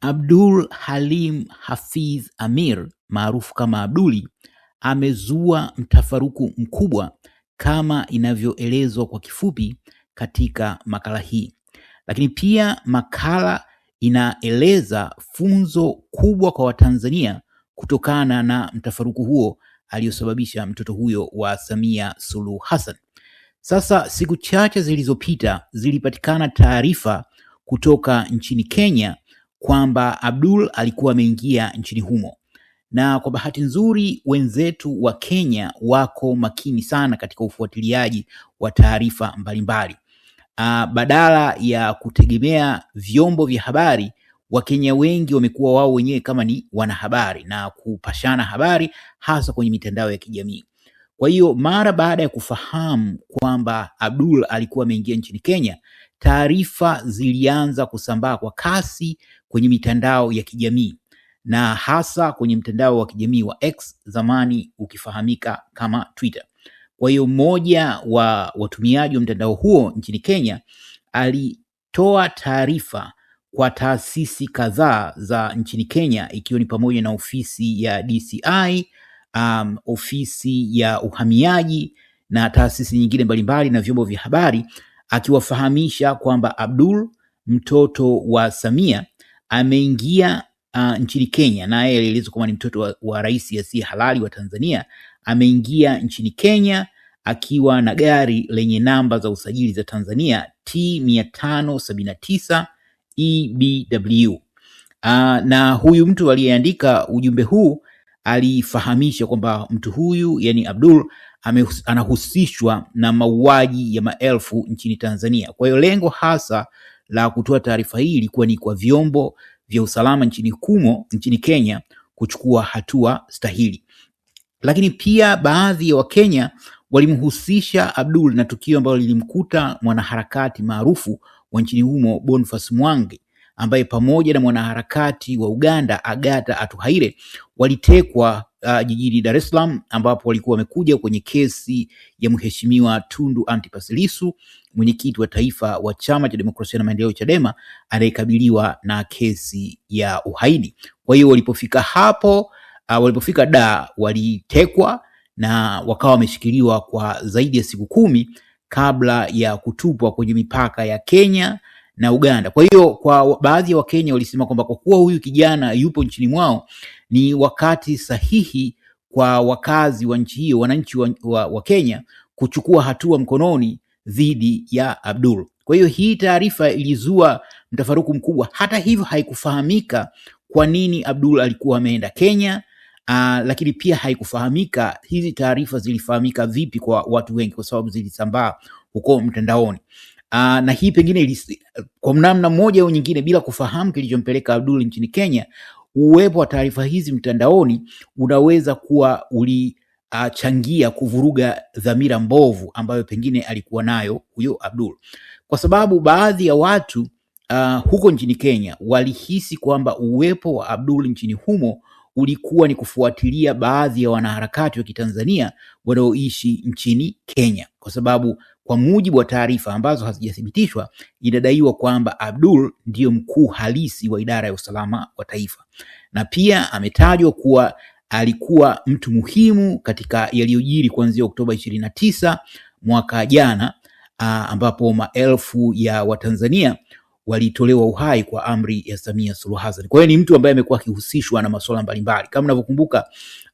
Abdul Halim Hafidh Amir maarufu kama Abduli amezua mtafaruku mkubwa kama inavyoelezwa kwa kifupi katika makala hii, lakini pia makala inaeleza funzo kubwa kwa Watanzania kutokana na mtafaruku huo aliyosababisha mtoto huyo wa Samia Suluhu Hassan. Sasa siku chache zilizopita zilipatikana taarifa kutoka nchini Kenya kwamba Abdul alikuwa ameingia nchini humo, na kwa bahati nzuri wenzetu wa Kenya wako makini sana katika ufuatiliaji wa taarifa mbalimbali. Uh, badala ya kutegemea vyombo vya habari Wakenya wengi wamekuwa wao wenyewe kama ni wanahabari na kupashana habari hasa kwenye mitandao ya kijamii. Kwa hiyo mara baada ya kufahamu kwamba Abdul alikuwa ameingia nchini Kenya, taarifa zilianza kusambaa kwa kasi kwenye mitandao ya kijamii na hasa kwenye mtandao wa kijamii wa X zamani ukifahamika kama Twitter. Kwa hiyo mmoja wa watumiaji wa mtandao huo nchini Kenya alitoa taarifa kwa taasisi kadhaa za nchini Kenya ikiwa ni pamoja na ofisi ya DCI, um, ofisi ya uhamiaji na taasisi nyingine mbalimbali na vyombo vya habari akiwafahamisha kwamba Abdul mtoto wa Samia ameingia uh, nchini Kenya, naye alielezwa kwamba ni mtoto wa, wa rais asiye halali wa Tanzania. Ameingia nchini Kenya akiwa na gari lenye namba za usajili za Tanzania T 579 EBW. Uh, na huyu mtu aliyeandika ujumbe huu alifahamisha kwamba mtu huyu yani Abdul ame, anahusishwa na mauaji ya maelfu nchini Tanzania. Kwa hiyo lengo hasa la kutoa taarifa hii ilikuwa ni kwa vyombo vya usalama nchini kumo nchini Kenya kuchukua hatua stahili. Lakini pia baadhi ya Wakenya walimhusisha Abdul na tukio ambalo lilimkuta mwanaharakati maarufu wa nchini humo Boniface Mwangi ambaye pamoja na mwanaharakati wa Uganda agata Atuhaire walitekwa uh, jijini Dar es Salaam ambapo walikuwa wamekuja kwenye kesi ya mheshimiwa Tundu Antipas Lissu, mwenyekiti wa taifa wa Chama cha Demokrasia na Maendeleo Chadema, anayekabiliwa na kesi ya uhaini. Kwa hiyo walipofika hapo uh, walipofika da walitekwa na wakawa wameshikiliwa kwa zaidi ya siku kumi kabla ya kutupwa kwenye mipaka ya Kenya na Uganda. Kwa hiyo kwa baadhi ya Wakenya walisema kwamba kwa kuwa huyu kijana yupo nchini mwao ni wakati sahihi kwa wakazi wa nchi hiyo, wananchi wa, wa, wa Kenya kuchukua hatua mkononi dhidi ya Abdul. Kwa hiyo hii taarifa ilizua mtafaruku mkubwa. Hata hivyo, haikufahamika kwa nini Abdul alikuwa ameenda Kenya. Aa, ah, lakini pia haikufahamika hizi taarifa zilifahamika vipi kwa watu wengi, kwa sababu zilisambaa huko mtandaoni. Aa, ah, na hii pengine ilisi, kwa namna moja au nyingine, bila kufahamu kilichompeleka Abdul nchini Kenya, uwepo wa taarifa hizi mtandaoni unaweza kuwa ulichangia uh, kuvuruga dhamira mbovu ambayo pengine alikuwa nayo huyo Abdul, kwa sababu baadhi ya watu uh, huko nchini Kenya walihisi kwamba uwepo wa Abdul nchini humo ulikuwa ni kufuatilia baadhi ya wanaharakati wa Kitanzania wanaoishi nchini Kenya, kwa sababu kwa mujibu wa taarifa ambazo hazijathibitishwa, inadaiwa kwamba Abdul ndiyo mkuu halisi wa idara ya usalama wa taifa, na pia ametajwa kuwa alikuwa mtu muhimu katika yaliyojiri kuanzia Oktoba ishirini na tisa mwaka jana, ambapo maelfu ya Watanzania walitolewa uhai kwa amri ya Samia Suluhu Hassan. Kwa hiyo ni mtu ambaye amekuwa akihusishwa na masuala mbalimbali. Kama unavyokumbuka,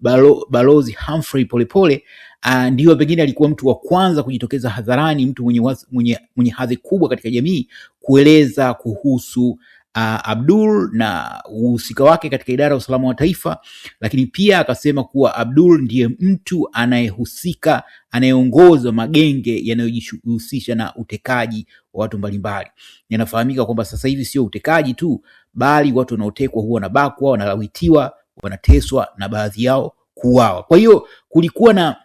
balo, balozi Humphrey Polepole uh, ndiyo pengine alikuwa mtu wa kwanza kujitokeza hadharani, mtu mwenye, mwenye, mwenye hadhi kubwa katika jamii kueleza kuhusu uh, Abdul na uhusika wake katika idara ya usalama wa taifa, lakini pia akasema kuwa Abdul ndiye mtu anayehusika anayeongoza magenge yanayojihusisha na utekaji wa watu mbalimbali. inafahamika kwamba sasa hivi sio utekaji tu, bali watu wanaotekwa huwa wanabakwa, wanalawitiwa, wanateswa na baadhi yao kuuawa. Kwa hiyo kulikuwa na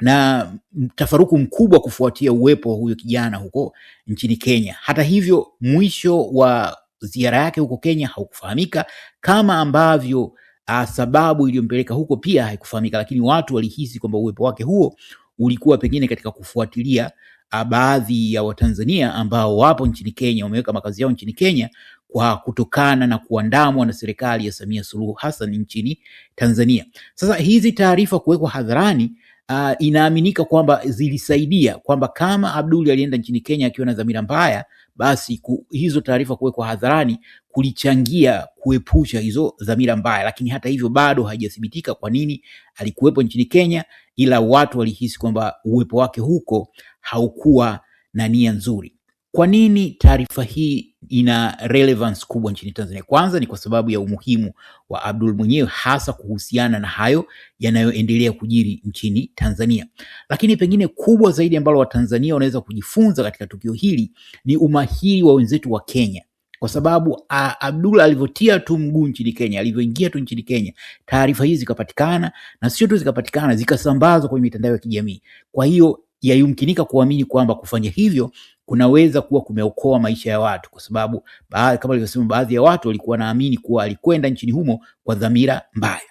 na mtafaruku mkubwa kufuatia uwepo wa huyo kijana huko nchini Kenya. Hata hivyo, mwisho wa ziara yake huko Kenya haukufahamika kama ambavyo a, ah, sababu iliyompeleka huko pia haikufahamika, lakini watu walihisi kwamba uwepo wake huo ulikuwa pengine katika kufuatilia ah, baadhi ya Watanzania ambao wapo nchini Kenya, wameweka makazi yao nchini Kenya kwa kutokana na kuandamwa na serikali ya Samia Suluhu Hassan nchini Tanzania. Sasa hizi taarifa kuwekwa hadharani uh, inaaminika kwamba zilisaidia kwamba kama Abduli alienda nchini Kenya akiwa na dhamira mbaya basi ku, hizo taarifa kuwekwa hadharani kulichangia kuepusha hizo dhamira mbaya. Lakini hata hivyo bado haijathibitika kwa nini alikuwepo nchini Kenya, ila watu walihisi kwamba uwepo wake huko haukuwa na nia nzuri. Kwa nini taarifa hii ina relevance kubwa nchini Tanzania. Kwanza ni kwa sababu ya umuhimu wa Abdul mwenyewe hasa kuhusiana na hayo yanayoendelea kujiri nchini Tanzania. Lakini pengine kubwa zaidi ambalo Watanzania wanaweza kujifunza katika tukio hili ni umahiri wa wenzetu wa Kenya kwa sababu Abdul alivyotia tu mguu nchini Kenya, alivyoingia tu nchini Kenya, taarifa hizi zikapatikana, na sio tu zikapatikana, zikasambazwa kwenye mitandao ya kijamii. Kwa hiyo yayumkinika kuamini kwamba kufanya hivyo kunaweza kuwa kumeokoa maisha ya watu, kwa sababu baadhi, kama alivyosema, baadhi ya watu walikuwa naamini kuwa alikwenda nchini humo kwa dhamira mbaya.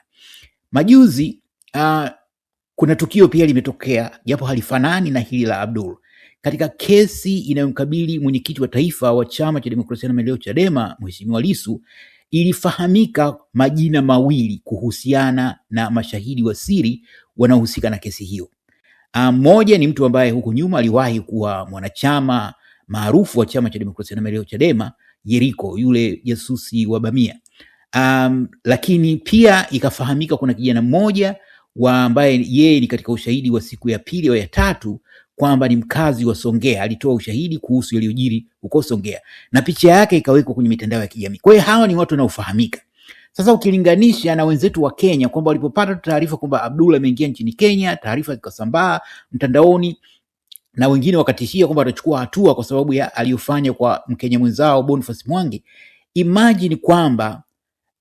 Majuzi uh, kuna tukio pia limetokea, japo halifanani na hili la Abdul, katika kesi inayomkabili mwenyekiti wa taifa wa chama cha demokrasia na maendeleo Chadema, Mheshimiwa lisu ilifahamika majina mawili kuhusiana na mashahidi wa siri wanaohusika na kesi hiyo. Ah, mmoja ni mtu ambaye huko nyuma aliwahi kuwa mwanachama maarufu wa chama cha demokrasia na maendeleo Chadema, Yeriko, yule jasusi wa Bamia. Um, lakini pia ikafahamika kuna kijana mmoja wa ambaye yeye ni katika ushahidi wa siku ya pili au ya tatu kwamba ni mkazi wa Songea, alitoa ushahidi kuhusu yaliyojiri huko Songea na picha yake ikawekwa kwenye mitandao ya kijamii. Kwa hiyo hawa ni watu wanaofahamika. Sasa ukilinganisha na wenzetu wa Kenya kwamba walipopata taarifa kwamba Abdullah ameingia nchini Kenya, taarifa zikasambaa mtandaoni na wengine wakatishia kwamba watachukua hatua kwa sababu ya aliyofanya kwa Mkenya mwenzao Boniface Mwangi. Imagine kwamba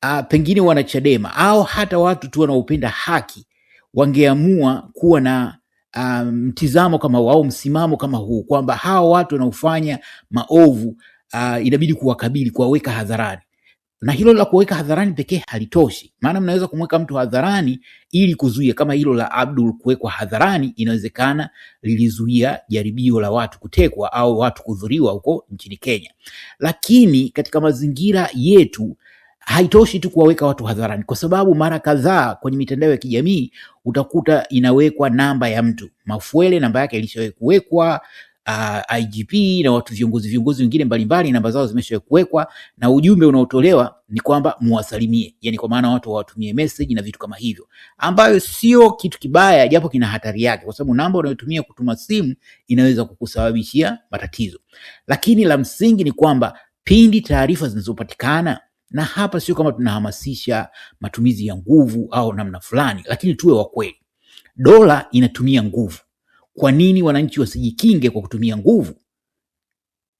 uh, pengine wanachadema au hata watu tu wanaopenda haki wangeamua kuwa na uh, mtizamo kama wao, msimamo kama huu kwamba hawa watu wanaofanya maovu uh, inabidi kuwakabili, kuwaweka hadharani na hilo la kuweka hadharani pekee halitoshi, maana mnaweza kumweka mtu hadharani ili kuzuia. Kama hilo la Abdul kuwekwa hadharani, inawezekana lilizuia jaribio la watu kutekwa au watu kudhuriwa huko nchini Kenya. Lakini katika mazingira yetu haitoshi tu kuwaweka watu hadharani, kwa sababu mara kadhaa kwenye mitandao ya kijamii utakuta inawekwa namba ya mtu Mafuele, namba yake ilishawai kuwekwa uh, IGP na watu viongozi viongozi wengine mbalimbali, namba zao zimeshawekwa na ujumbe unaotolewa ni kwamba muwasalimie, yani kwa maana watu wawatumie message na vitu kama hivyo, ambayo sio kitu kibaya, japo kina hatari yake, kwa sababu namba unayotumia kutuma simu inaweza kukusababishia matatizo. Lakini la msingi ni kwamba pindi taarifa zinazopatikana na hapa sio kama tunahamasisha matumizi ya nguvu au namna fulani, lakini tuwe wa kweli. Dola inatumia nguvu kwa nini wananchi wasijikinge kwa kutumia nguvu?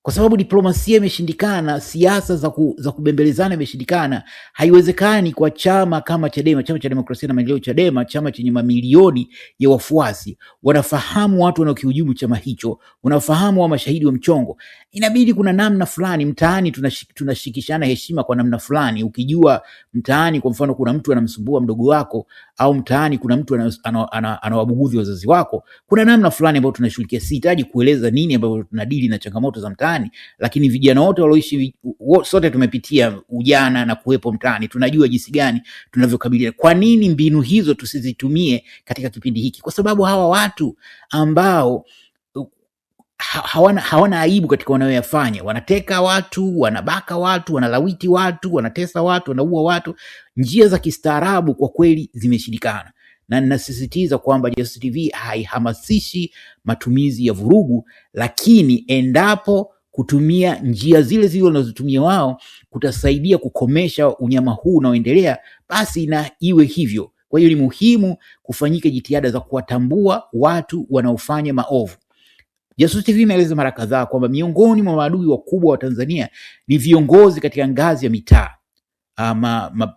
Kwa sababu diplomasia imeshindikana, siasa za, ku, za kubembelezana imeshindikana. Haiwezekani kwa chama kama Chadema, chama cha demokrasia na maendeleo, Chadema, chama chenye mamilioni ya wafuasi, wanafahamu watu wanaokihujumu chama hicho, wanafahamu wa mashahidi wa mchongo inabidi kuna namna fulani mtaani tunashikishana tuna heshima kwa namna fulani. Ukijua mtaani kwa mfano kuna mtu anamsumbua mdogo wako, au mtaani kuna mtu anawabugudhi wazazi wako, kuna namna fulani ambayo tunashughulikia. Sihitaji kueleza nini ambavyo tunadili na changamoto za mtaani, lakini vijana wote walioishi, sote tumepitia ujana na kuwepo mtaani, tunajua jinsi gani tunavyokabiliana. Kwa nini mbinu hizo tusizitumie katika kipindi hiki? Kwa sababu hawa watu ambao hawana, hawana aibu katika wanayoyafanya. Wanateka watu, wanabaka watu, wanalawiti watu, wanatesa watu, wanaua watu. Njia za kistaarabu kwa kweli zimeshindikana, na ninasisitiza kwamba TV haihamasishi matumizi ya vurugu, lakini endapo kutumia njia zile zile wanazotumia wao kutasaidia kukomesha unyama huu unaoendelea, basi na iwe hivyo. Kwa hiyo ni muhimu kufanyika jitihada za kuwatambua watu wanaofanya maovu. Jasusi TV imeeleza mara kadhaa kwamba miongoni mwa maadui wakubwa wa Tanzania ni viongozi katika ngazi ya mitaa, ah,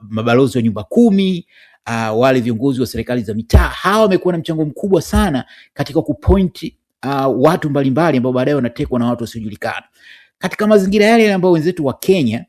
mabalozi wa nyumba kumi, uh, wale viongozi wa serikali za mitaa. Hawa wamekuwa na mchango mkubwa sana katika kupointi ah, watu mbalimbali ambao baadaye wanatekwa na watu wasiojulikana. Katika mazingira yale ambayo wenzetu wa Kenya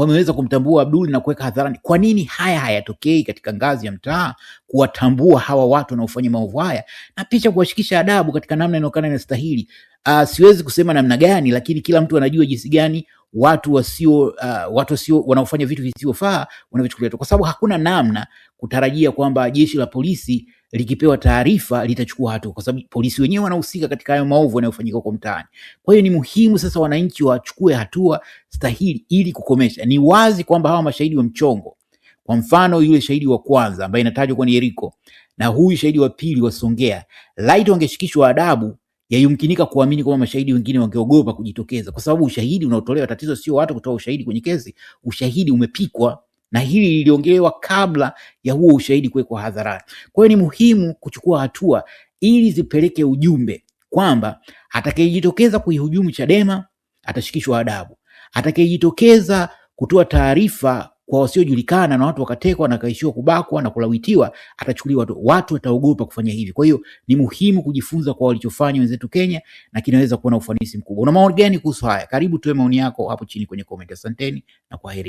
wameweza kumtambua Abdul na kuweka hadharani. Kwa nini haya hayatokei katika ngazi ya mtaa, kuwatambua hawa watu wanaofanya maovu haya na picha kuwashikisha adabu katika namna na stahili? Uh, ah, siwezi kusema namna gani, lakini kila mtu anajua jinsi gani watu wasio uh, watu wasio wanaofanya vitu visivyofaa wanavyochukulia, kwa sababu hakuna namna kutarajia kwamba jeshi la polisi likipewa taarifa litachukua hatua, kwa sababu polisi wenyewe wanahusika katika hayo maovu yanayofanyika huko mtaani. Kwa hiyo ni muhimu sasa wananchi wachukue hatua stahili ili kukomesha. Ni wazi kwamba hawa mashahidi wa mchongo, kwa mfano yule shahidi wa kwanza ambaye inatajwa kwa Yeriko na huyu shahidi wa pili Songea, laiti wangeshikishwa adabu yayumkinika kuamini kwamba mashahidi wengine wangeogopa kujitokeza, kwa sababu ushahidi unaotolewa, tatizo sio watu kutoa ushahidi kwenye kesi, ushahidi umepikwa na hili liliongelewa kabla ya huo ushahidi kuwekwa hadharani. Kwa hiyo ni muhimu kuchukua hatua ili zipeleke ujumbe kwamba atakayejitokeza kuihujumu Chadema atashikishwa adabu, atakayejitokeza kutoa taarifa kwa wasiojulikana na watu wakatekwa na kaishiwa kubakwa na kulawitiwa atachukuliwa. Watu wataogopa kufanya hivi. Kwa hiyo ni muhimu kujifunza kwa walichofanya wenzetu Kenya, na kinaweza kuwa na ufanisi mkubwa. Una maoni gani kuhusu haya? Karibu tuwe maoni yako hapo chini kwenye komenti. Asanteni na kwaheri.